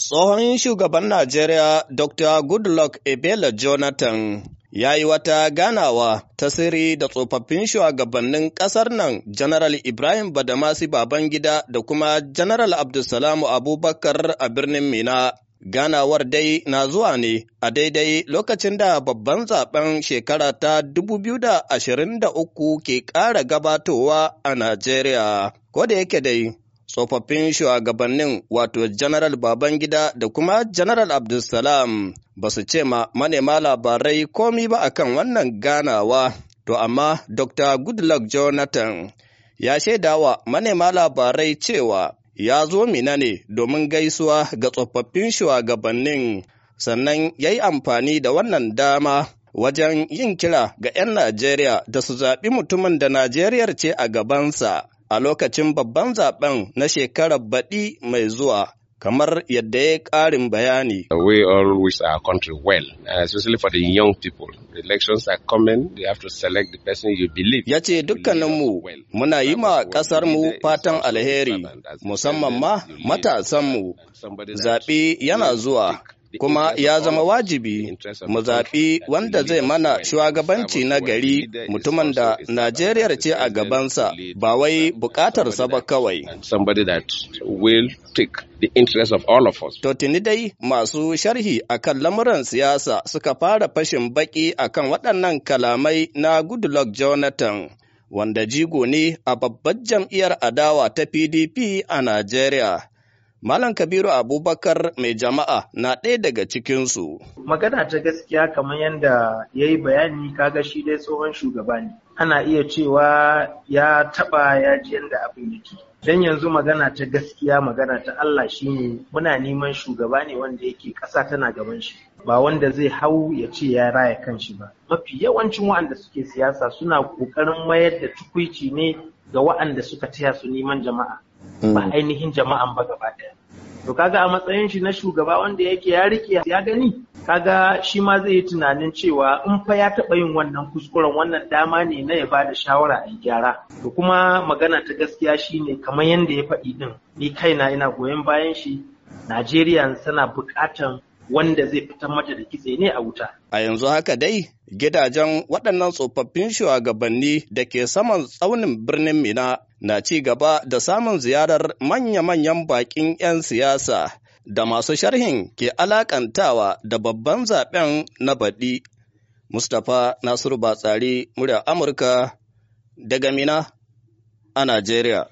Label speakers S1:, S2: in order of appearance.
S1: Tsohon shugaban Najeriya Dr. Goodluck Ebele Jonathan ya yi wata ganawa ta sirri da tsofaffin shugabannin ƙasar nan General Ibrahim Badamasi Babangida da kuma General Abdulsalamu Abubakar a birnin Mina. Ganawar dai na zuwa ne a daidai lokacin da babban zaben shekara ta 2023 ke ƙara gabatowa a Najeriya. Ko da yake dai, tsofaffin shugabannin wato General Babangida da kuma General Abdulsalam ba su ce ma manema labarai komi ba akan wannan ganawa, to amma Dr. Goodluck Jonathan ya shaidawa manema labarai cewa ya zo mina ne domin gaisuwa ga tsofaffin shugabannin sannan ya yi amfani da wannan dama wajen yin kira ga 'yan Najeriya da su zaɓi mutumin da Najeriyar ce a gabansa. a lokacin babban zaben na shekarar baɗi mai zuwa kamar yadda ya ƙarin bayani. We always our country well, uh, especially for the young people. The elections are coming, you have to select the person you believe. Ya ce dukkaninmu muna yi ma ƙasarmu uh, fatan alheri, musamman ma matasanmu. Zaɓe yana zuwa. kuma ya zama wajibi mu zaɓi wanda zai mana shugabanci na gari mutumin da Najeriya ce a gabansa ba wai bukatarsa ba kawai. the interest of all of To tuni dai masu sharhi akan lamuran siyasa suka fara fashin baki akan waɗannan kalamai na Goodluck Jonathan. Wanda jigo ne a babbar jam'iyyar adawa ta PDP a Najeriya. Malam Kabiru Abubakar mai jama'a na ɗaya daga cikinsu.
S2: Magana ta gaskiya kamar yadda ya yi bayani kaga shi dai tsohon shugaba ne. Ana iya cewa ya taɓa ya ji yadda abin yake. Don yanzu magana ta gaskiya magana ta Allah shi ne muna neman shugaba ne wanda yake ƙasa tana gaban shi. Ba wanda zai hau ya ce ya raya kanshi ba. Mafi yawancin waɗanda suke siyasa suna ƙoƙarin mayar da tukuici ne ga wa'anda suka taya su neman jama'a. Mm. ba ainihin jama'an ba gaba ɗaya to kaga a matsayin shi na shugaba wanda yake ya rike ya gani kaga shi ma zai yi tunanin cewa in fa ya taɓa yin wannan kuskuren wannan dama ne na ya bada shawara a gyara to kuma magana ta gaskiya shine kamar yadda ya faɗi din ni kaina ina goyon bayan shi Najeriya tana buƙatan wanda zai fitar mata da kitse ne a wuta.
S1: A yanzu haka dai gidajen waɗannan tsofaffin shugabanni da ke saman tsaunin birnin Mina na ci gaba da samun ziyarar manya-manyan baƙin 'yan siyasa da masu sharhin ke alakantawa da babban zaben na baɗi. Mustapha Nasiru Batsari, murya Amurka, daga Mina a
S2: Najeriya.